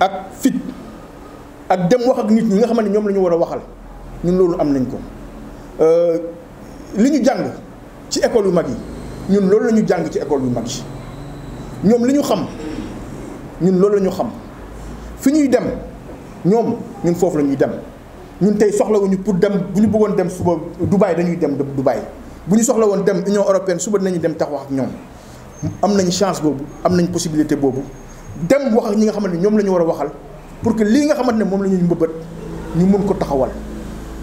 ak fit ak dem wax ak nit ñi nga xam ne ñoom la ñu war a waxal ñun loolu am nañ ko euh, li ñu jàng ci école yu mag yi ñun loolu lañu jàng ci école yu mag yi ñoom li ñu xam ñun loolu lañu xam fi ñuy dem ñoom ñun foofu la ñuy dem ñun tey soxlawuñu pour dem bu ñu bëggoon dem suba bàyyi dañuy dem du bàyyi bu ñu soxla woon dem Union européenne suba dinañu dem tax wax ak ñoom am nañ chance boobu am nañ possibilité boobu dem wax ak ñi nga xamante ne ñoom la ñu war a waxal pour que lii nga xamante ne moom la ñuy mbëbët ñu mun ko taxawal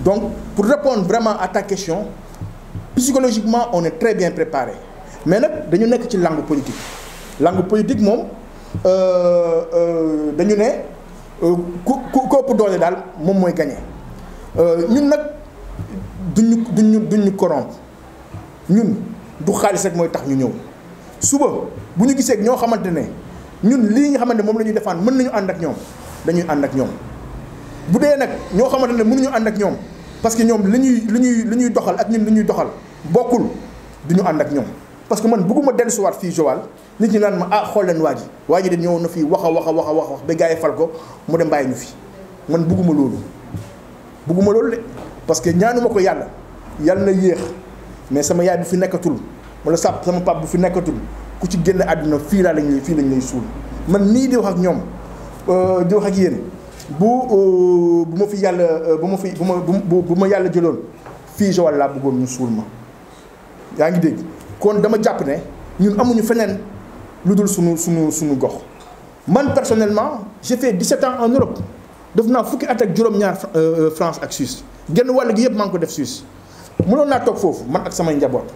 donc pour répondre vraiment à ta question psychologiquement on est très bien préparé mais nag dañu nekk ci langue politique langue politique moom euh, euh, dañu ne euh, ku ku ku ëpp doole daal moom mooy gagné ñun nag duñu duñu duñu corrompre ñun du xaalis rek mooy tax ñu ñëw suba bu ñu gisee ñoo xamante ne. ñun lii nga xamante moom la ñuy defaan mën nañu ànd ak ñoom dañuy ànd ak ñoom bu dee nag ñoo xamante ne mënuñu ànd ak ñoom parce que ñoom li ñuy li ñuy li ñuy doxal ak ñun li ñuy doxal bokkul du ñu ànd ak ñoom parce que man bëgguma dellusiwaat fii Joal nit ñi naan ma ah xool leen waa ji waa ji de ñëw na fii wax a wax a wax a wax ba gars fal ko mu dem bàyyi ñu fi man bugguma loolu bëgguma loolu de parce que ñaanuma ko yàlla yàlla na yéex mais sama yaay bu fi nekkatul wala sàpp sama pap bu fi nekkatul ku ci génn àdduna fii laa lañ fii lañ lay suul man ni di wax ak ñom euh di wax ak yéen bu euh, bu ma fi yalla euh, bu ma fi bu ma bu ma yalla jëloon fi Joal laa bëggoon ñu suul ma yaa ngi dégg kon dama japp ne ñun amuñu fenen lu sunu sunu sunu gox man personnellement j'ai fait 17 ans en Europe def na fukki at ak juróom-ñaar euh, France ak Suisse genn wàll gi yëpp maa ngi ko def Suisse mënoon naa toog foofu man ak samay njaboot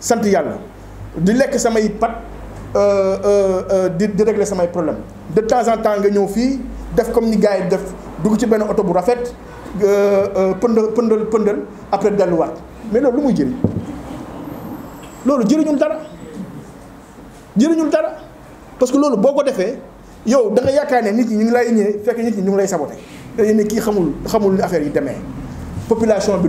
sant yàlla di samay pat euh, euh, euh, régler problème de temps en temps nga fi def comme les gars def ci bu rafet après mais lolu muy dara dara parce que lolu boko nous yow da nga yakane nit ñi ngi lay ñëw fekk nit ñi lay saboter xamul xamul affaire yi population bi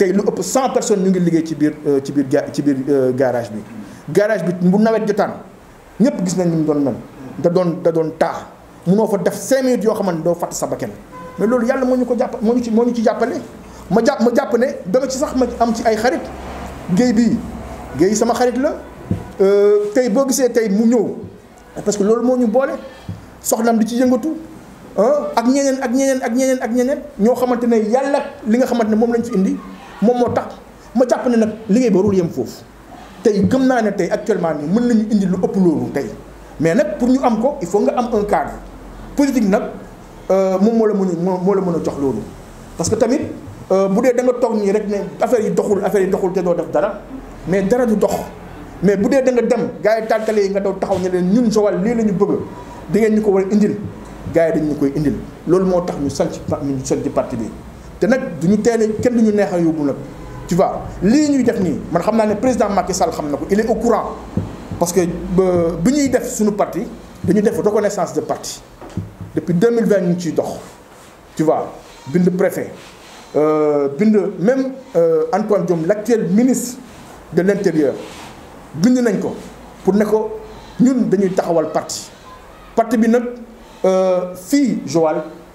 tay lu ëpp 100 personnes ñu ngi liggéey ci biir euh, ci biir ci biir euh, garage bi garage bi bu nawet jotaan ñepp gis nañ ñu mu doon mel da doon da doon mu no fa def 5 minutes yo xamante do fat sa bakkan mais loolu yalla moo ñu ko japp moo ñu ci moo ñu ci jàppale ma japp ma jàpp ne dama ci sax ma am ci ay xarit géey bi géey sama xarit la euh tay bo gisé tay mu ñëw parce que loolu moo ñu boole soxnaam di ci yëngatu hein ak ñeneen ak ñeneen ak ñeneen ak ñeneen ñoo xamante yalla li nga xamante mom lañ fi indi moom moo tax ma jàpp ne nag liggéey ba warul yem foofu tey gëm naa ne tey actuellement nii mën nañu indi lu ëpp loolu tey mais nag pour ñu am ko il faut nga am un cadre politique nag euh, moom moo la mën a moo la mën a jox loolu. parce que tamit euh, bu dee da nga toog nii rek ne affaire yi doxul affaire yi doxul te doo def dara mais dara du dox mais bu dee da nga dem gars yi tànkale yi nga daw taxaw ne leen ñun Joal lii la ñu bëgg di ngeen ñu ko war a indil gars yi dañ ñu koy indil loolu moo tax ñu sanc ñu sanc parti bi. te nag duñu teel kenn duñu neex a tu vois lii ñuy def nii man président Macky Sall ko il est au courant parce que bi ñuy def suñu parti dañu def reconnaissance de parti depuis 2020 ñu ngi dox tu vois le préfet euh, bind même euh, Antoine Diom, l'actuel ministre de l'intérieur bind nañ ko pour ne ko ñun dañuy taxawal parti parti bi fille euh, fii Joal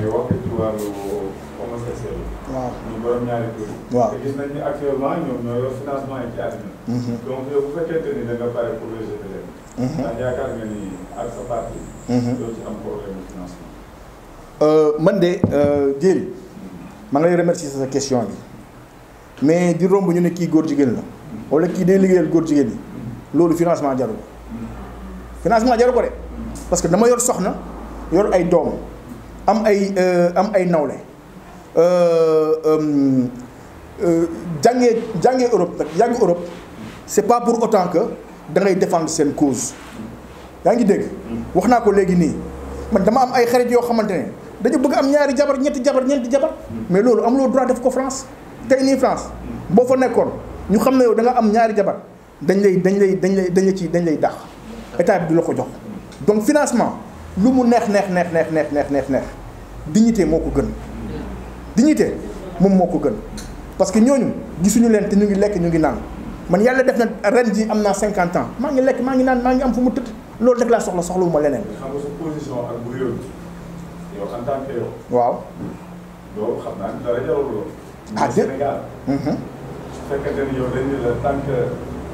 mais wax ci waaw waaw te financement yi ci mm-hmm. mm-hmm. mm-hmm. de financement euh, man euh, ma ngay remercier sa question bi mais di romb ñu ne kii góor jigéen la wala kii day liggéeyal góor jigéen yi loolu financement jaru ko financement jaru ko de parce que dama yor soxna yor ay doom am ay euh, am ay nawle euh, euh, jàngee jàngee Europe nag jàngi Europe c'est pas pour autant que dangay ngay seen cause yaa ngi dégg. wax naa ko léegi nii man dama am ay xarit yoo xamante ne dañu bëgg am ñaari jabar ñetti jabar ñeenti jabar mais loolu amuloo droit def ko France tey nii France boo fa nekkoon ñu xam ne yow danga am ñaari jabar dañ lay dañ lay dañ lay dañ ci dañ lay dàq état bi du la ko jox donc financement lu mu neex neex neex neex neex neex neex. dignité moo ko gën dignité moom moo ko gën parce que ñooñu gisuñu leen te ñu ngi lekk ñu ngi naan man yàlla def na ren am naa cinquante ans maa ngi lekk maa ngi naan maa ngi am fu mu tëdd loolu rek laa soxla soxla wu ma leneen. xam nga sa position ak bu réew yow en tant que loolu xam naa dara jarul loolu. ah dé mhm. la tant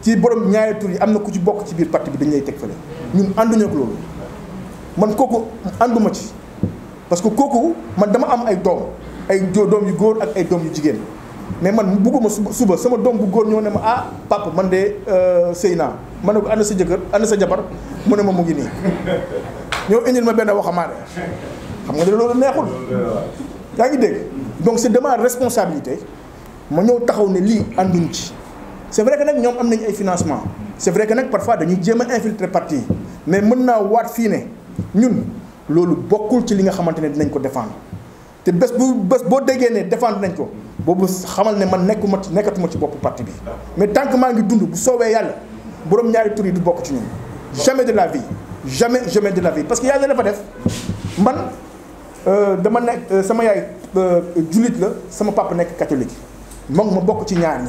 ci borom ñaari tur yi am na ku ci bokk ci biir parti bi dañ lay teg fële ñun ànduñu ak loolu man kooku ànduma ci parce que kooku man dama am ay doom ay doom yu góor ak ay doom yu jigéen mais man bugguma suba sama doom bu góor ñoo ne ma ah papa man de euh, sëy naa ma ne ko ana sa jëkkër ana sa jabar mu ne ma mu ngi nii ñoo indil ma benn waxamaane xam nga ne loolu neexul yaa ngi dégg donc c'est de responsabilité ma ñëw taxaw ne lii ànduñ ci c'est vrai que nag ñoom am nañu ay financement c'est vrai que nag parfois dañuy jéem infiltrer parti yi mais mën naa waat fii ne ñun loolu bokkul ci li nga xamantene dinañ ko défendre té bës bu bës bo déggee ne défendre nañ ko boobu xamal né man nekkuma ci nekatuma ci bop parti bi mais tant que maa ngi dund bu soowee yalla borom ñaari tur yi du bok ci ñun jamais de la vie jamais jamais de la vie parce que yàlla dafa def man euh dama nekk euh, sama yaay euh, jullit la sama papa nekk catholique moom ma bok ci ñaar ñi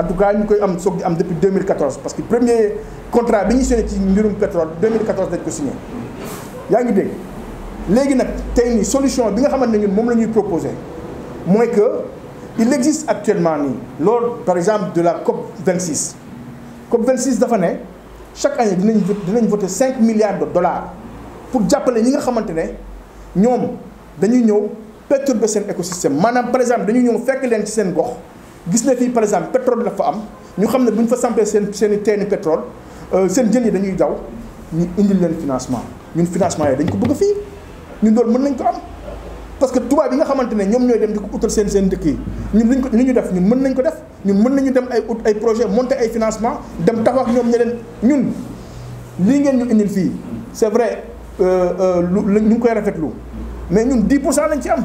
en tout cas nous koy depuis 2014 parce que le premier contrat bi été signé ci pétrole 2014 dañ ko signé Il ngi a une solution bi nga avons proposée, ñun qu'il il existe actuellement lors par exemple de la COP 26 COP 26 chaque année nous vote 5 milliards de dollars pour que les gens qui ne ñoom perturber seen écosystème par exemple nous ñëw fekk que ci seen gis na fii par exemple pétrole la fa am ñu xam ne bu ñu fa sampee seen seen i teeni pétrole euh, seen jën yi dañuy daw ñu indil leen financement ñun financement yooyu dañ ko bëgg fii ñun loolu mën nañ ko am parce que tubaab bi nga xamante ne ñoom ñooy dem di ko utal seen seen dëkk yi ñun liñ ko li ñu def ñun mën nañ ko def ñun mën nañu dem ay ut ay projet monter ay financement dem taxaw ak ñoom ne leen ñun lii ngeen ñu indil fii c'est vrai euh, euh, lu ñu ngi koy rafetlu mais ñun 10 lañ ci am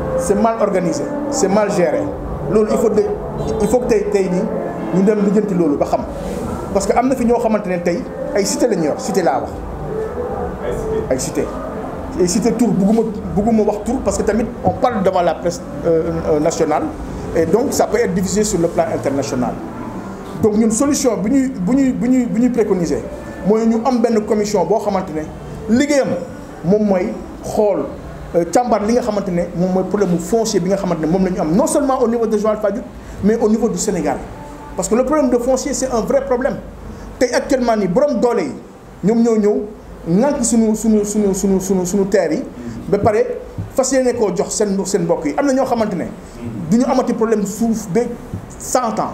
c'est mal organisé c'est mal géré loolu il faut de il faut que tey tey nii ñu dem lijjanti loolu ba xam parce que am finir fi ñoo xamante ne ay cité la ñu cité laa wax. ay cité ay cité tour bugguma bugguma wax tour parce que tamit on parle devant la presse euh, euh nationale et donc ça peut être divisé sur le plan international donc ñun solution bi ñuy bu ñuy préconisée. Moi nous ñuy préconiser mooy ñu am benn commission boo xamante ne liggéeyam euh, càmbar li nga xamantene mom moy problème foncier bi nga xamantene mom lañu am non seulement au niveau de joal Fadiou mais au niveau du Sénégal parce que le problème de foncier c'est un vrai problème tey actuellement ni borom dolé ñom ñoo ñew ŋànk suñu suñu suñu suñu suñu suñu terre yi ba paré fas ko jox sen sen bokk yi amna ñoo xamante amati problème suuf be cent ans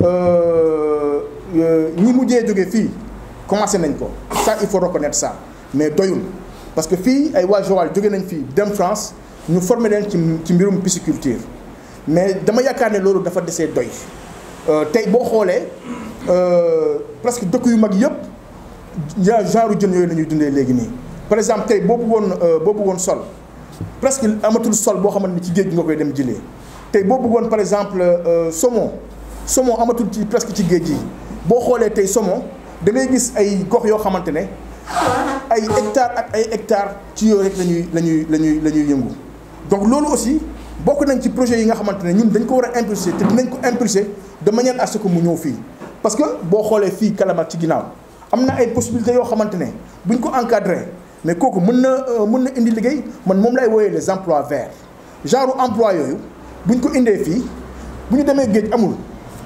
nous euh, euh, mujjee jóge filles commencé c'est ko ça il faut reconnaître ça mais parce que fille ay France nous former une qui pisciculture mais dama yaakaar dafa ces doy euh, beau presque yu la des par exemple beau sol presque amatu sol ci par exemple saumon saumon amatul ci presque ci géej gi boo xoolee tey saumon da ngay gis ay gox yo xamantene ay hectare ak ay hectare ci yo rek lañuy lañuy lañuy lañuy ñuy yëngu donc lolu aussi bokku nañ ci projet yi nga xamantene ñun dañ ko wara impulser te dinañ ko impulser de manière à ce que mu ñëw fi parce que bo xolé fi Kalamar ci ginnaaw amna ay possibilités yo xamantene buñ ko encadré mais kooku mën na euh, mën na indi liggéey man mom lay woyé les emplois verts genre emploi yooyu buñ ko indé fi buñu démé demee amul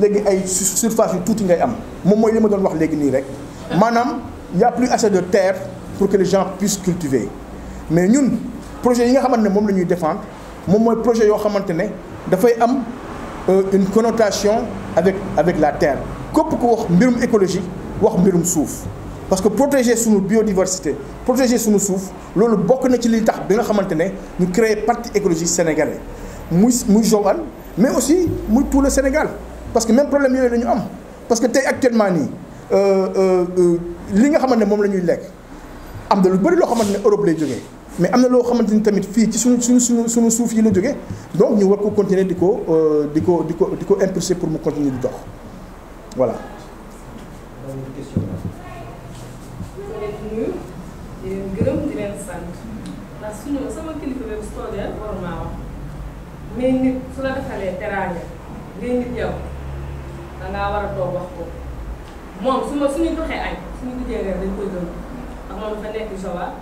sur ay surface yu tuuti ngay am mom moy li ma doon wax léegi ni rek manam y a plus assez de terre pour que les gens puissent cultiver mais ñun projet yi nga xamantene mom lañuy défendre mom moy projet yo xamantene da fay am euh, une connotation avec avec la terre kopp ko wax mbirum écologie wax mbirum souf parce que protéger suñu biodiversité protéger suñu souf lolu bokk na ci li tax bi nga xamantene ñu créer parti écologique sénégalais muy muy Joal mais aussi muy tout le Sénégal parce que même problème yooyu lañu am parce que tay actuellement ni euh, euh euh li nga xamantene mom lañuy la am na lu bari lo xamantene Europe lay jógee mais amna lo xamantene tamit fi ci suñu suñu suñu suñu suuf yi la jógee donc ñu war ko continuer diko euh diko diko di impulser pour mu continuer di dox voilà. mais nit su la defalee teraanga ngay nit dangaa war a toog wax ko moom su ma suñu joxee añ suñu guddee reer dañ koy gën ndax moom dafa nekk Joal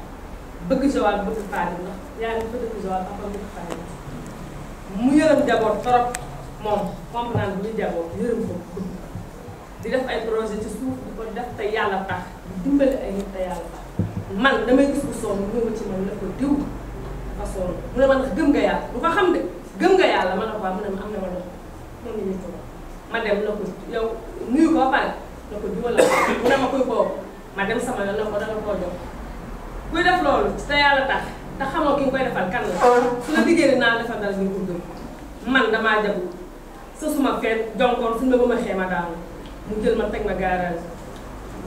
bëgg Joal bëgg Fane ndax yaa ngi fa dëkk Joal ak bëgg Fane mu yërëm njaboot trop moom comprendre bu ñu njaboot yërëm ko bëgg di def ay projet ci suuf di ko def te yàlla tax di dimbali ay nit te yàlla tax man damay gis ko sonn mu ñëw ci man ne ko diw dafa sonn mu ne ma ndax gëm nga yàlla bu ko xam de gëm nga yàlla ma ne ko waaw mu ne ma am na ma dox moom la ñuy toog ma dem na ko yow nuyu ko ba pare na ko jubal la mu ne ma kuy kooku ma dem sama yoon na ko danga koo jox kuy def loolu te yàlla tax te xamoo ki nga koy defal kan la su la liggéey ni naa defal dal ñu gudd man damaa jabul sa suma feet jonkoon suñu ba ma xee ma daanu mu jël ma teg ma garage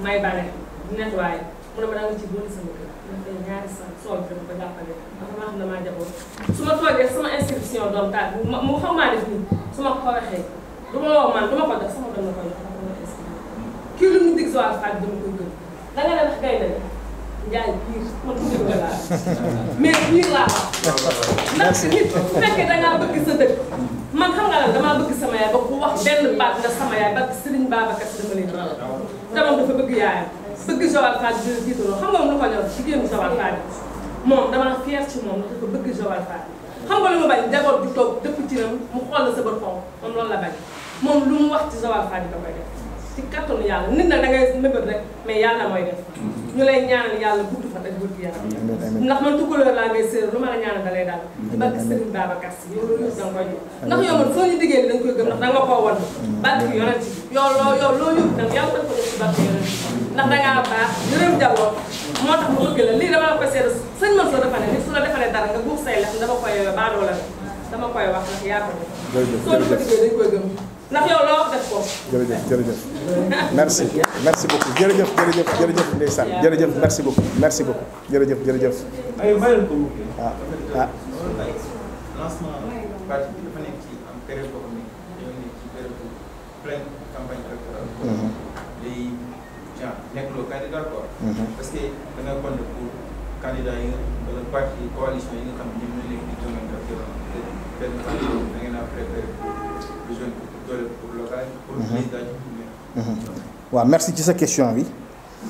may bale nettoyé mu ne ma danga ci boole sama kër dafa ñaari san sool bi dama ko jàppale ndax maa xam damaa jaboon su ma toogee sama institution doom taal mu xam maa def nii su ma ko waxee du ma woo man du ma ko def sama dama koy jox dama koy eskay. kii lu mu dig Joal Fadiouth dama koy gën da nga ne ndax gay na ne Ndiaye biir man biir la laa mais biir laa wax. ndax nit bu fekkee da ngaa bëgg sa dëkk. man xam nga lan damaa bëgg sama yaay ba ku wax benn baat nga sama yaay ba Serigne Babacar si dama leen ral. dama dafa bëgg yaayam bëgg Joal Fadiouth dina jiitaloo xam nga moom lu ko ñor jigéenu Joal Fadiouth moom damaa fier ci moom dafa bëgg a Fadiouth xam nga lu ma bañ jagoor ju toog dëpp ci nam mu xool la sa bët xonq moom loolu la moom lu mu wax ci Joal Fadiouth da koy def ci kattanu yàlla nit nag da ngay mébét rek mais yàlla mooy def ñu lay ñaanal yàlla gudd fa ak wér gu yaram ndax man tukkuloo laa ngay séeréer ma la ñaanal da lay daal ci barke Serigne Babacar Sy yow loolu da nga koy jox ndax yow man soo ñu diggee ni da nga koy gëm ndax da nga koo wan barke yonent bi yow loo yow loo yóbbu nag yàlla da ko def ci barke yonent bi ndax da ngaa baax yërëm jàlloo moo tax ma bëgg la lii dama o ko seere sëñ man soo defalee nit su la defalee dara nga buux say lex dama koy baadoo la dama koy wax ndax yaa ndax yow jërëjëf jërëjëf merci merci beaucoup jërëjëf jërëjëf jërëjëf ndeysaan jërëjëf merci beaucoup merci beaucoup jërëjëf jërëjë aywa bàyyi ah ah. lancement parti Mhm. Mhm. waaw merci ci sa question bi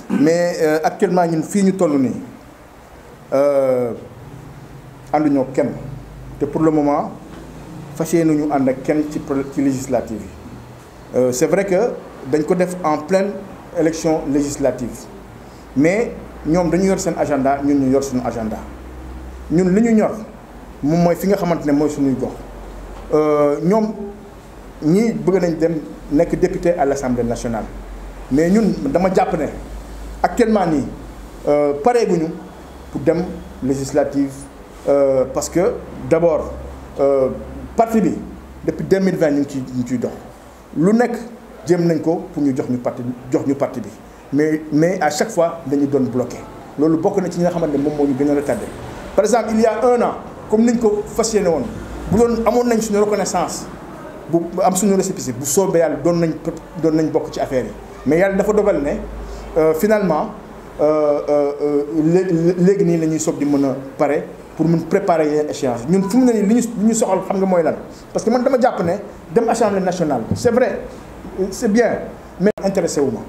mais euh, actuellement ñun fii ñu toll nii euh, ànduñoo kenn Et pour le moment nous sommes ñu ànd ak kenn ci législative Euh, c'est vrai que dañ ko def en pleine élection législative mais nous dañu yor seen agenda ñun ñu yor suñu agenda ñun nous ñu ñor moom mooy fi nga agenda. ne mooy suñuy gox euh, ñoom ñii bëgg nañ dem nekk député à l'Assemblée nationale mais ñun dama jàpp ne actuellement nii euh, pareeguñu pour dem législative euh, parce que d'abord euh, parti bi depuis 2020 ñu ngi ciy ñu ciy dox lu nekk jéem nañ ko pour ñu jox ñu parti jox ñu parti bi mais mais à chaque fois dañu doon bloqué loolu bokk na ci ñi nga xamante ne moom moo ñu gën a retardé par exemple il y a un an comme niñ ko fas yéene woon bu doon amoon nañ suñu reconnaissance bu am suñu récépissé bu soobee yalla doon nañ doon nañ bok ci affaire yi mais yalla dafa dogal ne euh, finalement euh, euh, léegi nii la ñuy soog di mën a pare pour mun préparer yeneen échéance ñun fu mu ne nii li ñu li ñu soxal xam nga mooy lan parce que man dama jàpp ne dem assemblée nationale c'est vrai c'est bien mais intéressé wu ma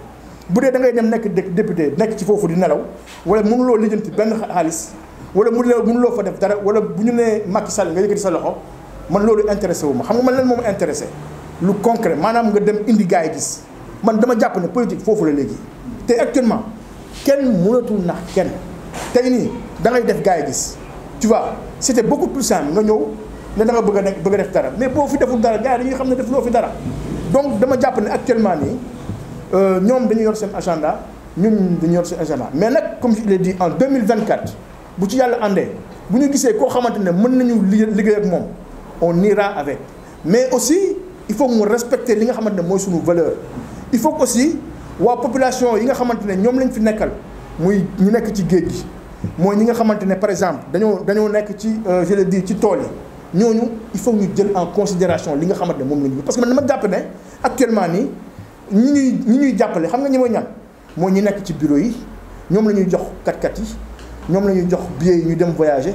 bu dee da ngay dem nekk député nekk ci foofu di nelaw wala mënuloo lijjanti benn xaalis wala mënuloo mënuloo fa def dara wala bu ñu nee Macky Sall nga yëkkati sa loxo man loolu intéressé wu ma xam nga man lan mom intéressé lu concret manam nga dem indi gaay gis man dama japp ne politique fofu la léegi té actuellement kenn mënatul nax kenn tey nii da ngay def gaay gis tu vois c'était beaucoup plus simple nga ñew né da nga bëgg a bëgg def dara mais bo fi deful dara gaay dañuy xam ne def lo fi dara donc dama japp ne actuellement ni euh ñom dañuy yor sen agenda ñun dañuy yor seen agenda mais nak comme je l'ai dit en 2024 bu ci yalla andé bu ñu gisee ko xamante ne mën nañu liggéey ak mom on ira avec mais aussi il faut que respecter les nga xamante valeurs il faut que aussi population yi nga qui ne ñoom fi nekkal muy qui nekk ci par exemple dañoo dañoo euh, je le dis il faut ñu jël en considération li nga Nous parce que actuellement nous ñi ñi xam nga ñi ñan nous nekk ci bureau yi nous Nous jox yi Nous voyager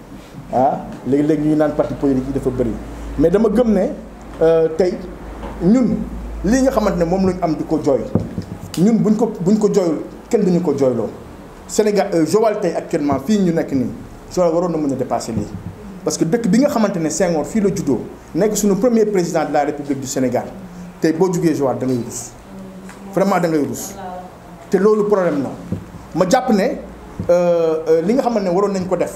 ah léegi-léeg ñuy naan parti politique yi dafa bëri mais dama gëm ne euh, tey ñun lii nga xamante ne moom la ñu am di ko jooy ñun buñ ko buñ ko jooyul kenn duñu ko jooyloo Sénégal euh, Joal tey actuellement fii ñu nekk nii Joal waroon na mun a dépasser lii parce que dëkk bi nga xamante ne Senghor fii la juddoo nekk suñu premier président de la République du Sénégal tey boo jugee Joal da ngay rus vraiment da ngay te loolu problème na ma jàpp ne euh, li nga xamante ne waroon nañ ko def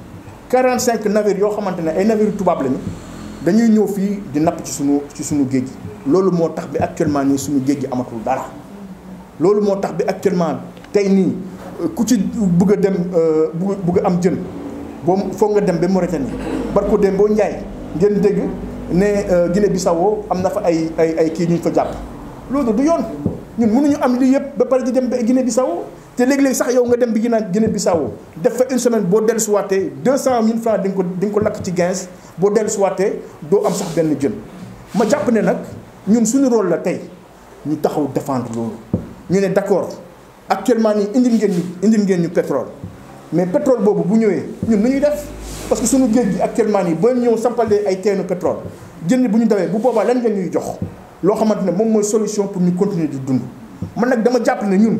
quarante cinq navires yoo xamante ne ay navires tubaab lañu dañuy ñëw fii di napp ci suñu ci suñu géej gi loolu moo tax bi actuellement nii suñu géej gi amatul dara loolu moo tax bi actuellement tey nii euh, ku ci bugg a dem euh, bëgg a am jën boo foog nga dem ba Mauritanie barko dem boo njaay ngeen dégg ne euh, Guinée Bissau am na fa ay ay ay kii ñu fa jàpp loolu du yoon ñun mënuñu am lii yëpp ba pare di dem ba Guinée Bissau te léegi-léegi sax yow nga dem bi naan Guinée Bissau def fa une semaine boo dellu suwaatee deux cent mille francs di nga ko di ko lakk ci gains boo dellu suwaatee am sax ben jën ma japp ne nak ñun suñu rôle la tay ñu taxaw défendre loolu ñu né d'accord actuellement ni indil ngeen ñu indil ngeen ñu pétrole mais pétrole bobu bu ñëwee ñun nu ñuy def parce que suñu géej gi actuellement ni ba ñëw sampalee ay teenu pétrole jën bu ñu dawee bu boobaa lan nga ñuy jox lo xamante mom moy solution pour ñu continuer di dund man nak dama japp ne ñun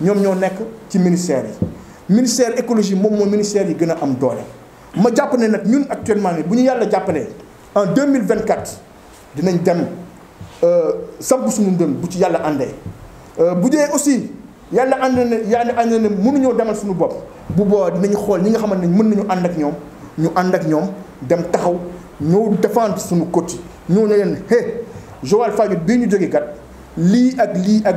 ñom ñoo nek ci ministère ministère écologie mom ministère yi gëna am ma japp ñun actuellement buñu yalla japp né en 2024 dinañ dem euh, samp suñu ndëm bu ci andé Nous euh, bu aussi yalla andé né yàlla ànd né mënu ñoo demal suñu bop bu bo dinañ xol ñi nga xamanté de mën nañu ak ñu ak dem taxaw ñoo défendre suñu côté ñoo hé Joël ñu kat li ak li ak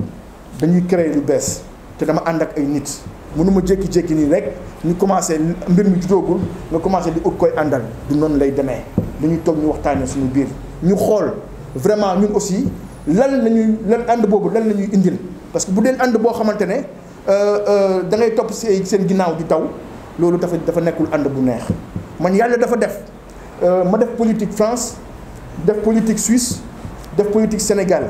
dañuy créer lu bees te dama ànd ak ay nit mënuma jékki-jékki ni rek ñu commencé mbir mi judoogul nga commencé di ut koy àndal du noonu lay demee dañuy toog suñu biir ñu vraiment aussi lan lan parce que euh, euh, da ngay si seen ginnaaw di taw loolu dafa dafa nekkul ànd bu neex man yàlla dafa def euh, politique France def politique Suisse def politique Sénégal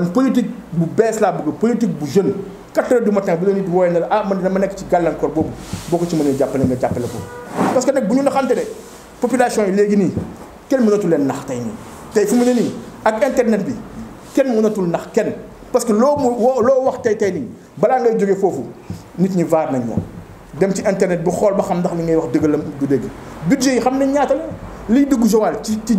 une politique bu baisse la politique bu jeune 4 heures du matin bu la di ah man ma nek ci ci nga ko parce que nag vous avez population yi légui ni kenn mënatul leen nax tay ni tay fu mu ne ak internet bi kenn parce que lo que wax tay tay vous bala ngay vous. nit ñi vaar nañ dem ci internet bu xol ba xam ndax li ngay wax du budget yi xam nañ ñaata la li dugg ci ci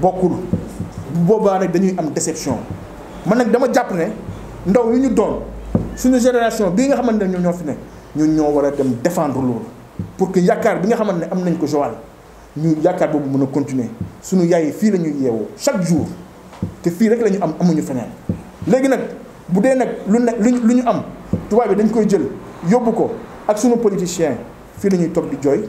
bokkul bu boobaa nag dañuy am déception man nag dama jàpp ne ndaw yu ñu doon suñu génération bii nga xamante ne ñoo ñoo fi nekk ñun ñoo war a dem defendre loolu pour que yaakaar bi nga xamante ne am nañ ko Joal ñu yaakaar boobu mën a continuer suñu yaay yi fii la ñuy yeewoo chaque jour te fii rek lañu ñu am amuñu feneen léegi nag bu dee nag lu ne lu ñu am tubaab bi dañ koy jël yóbbu ko ak suñu politicien fii la toog di jooy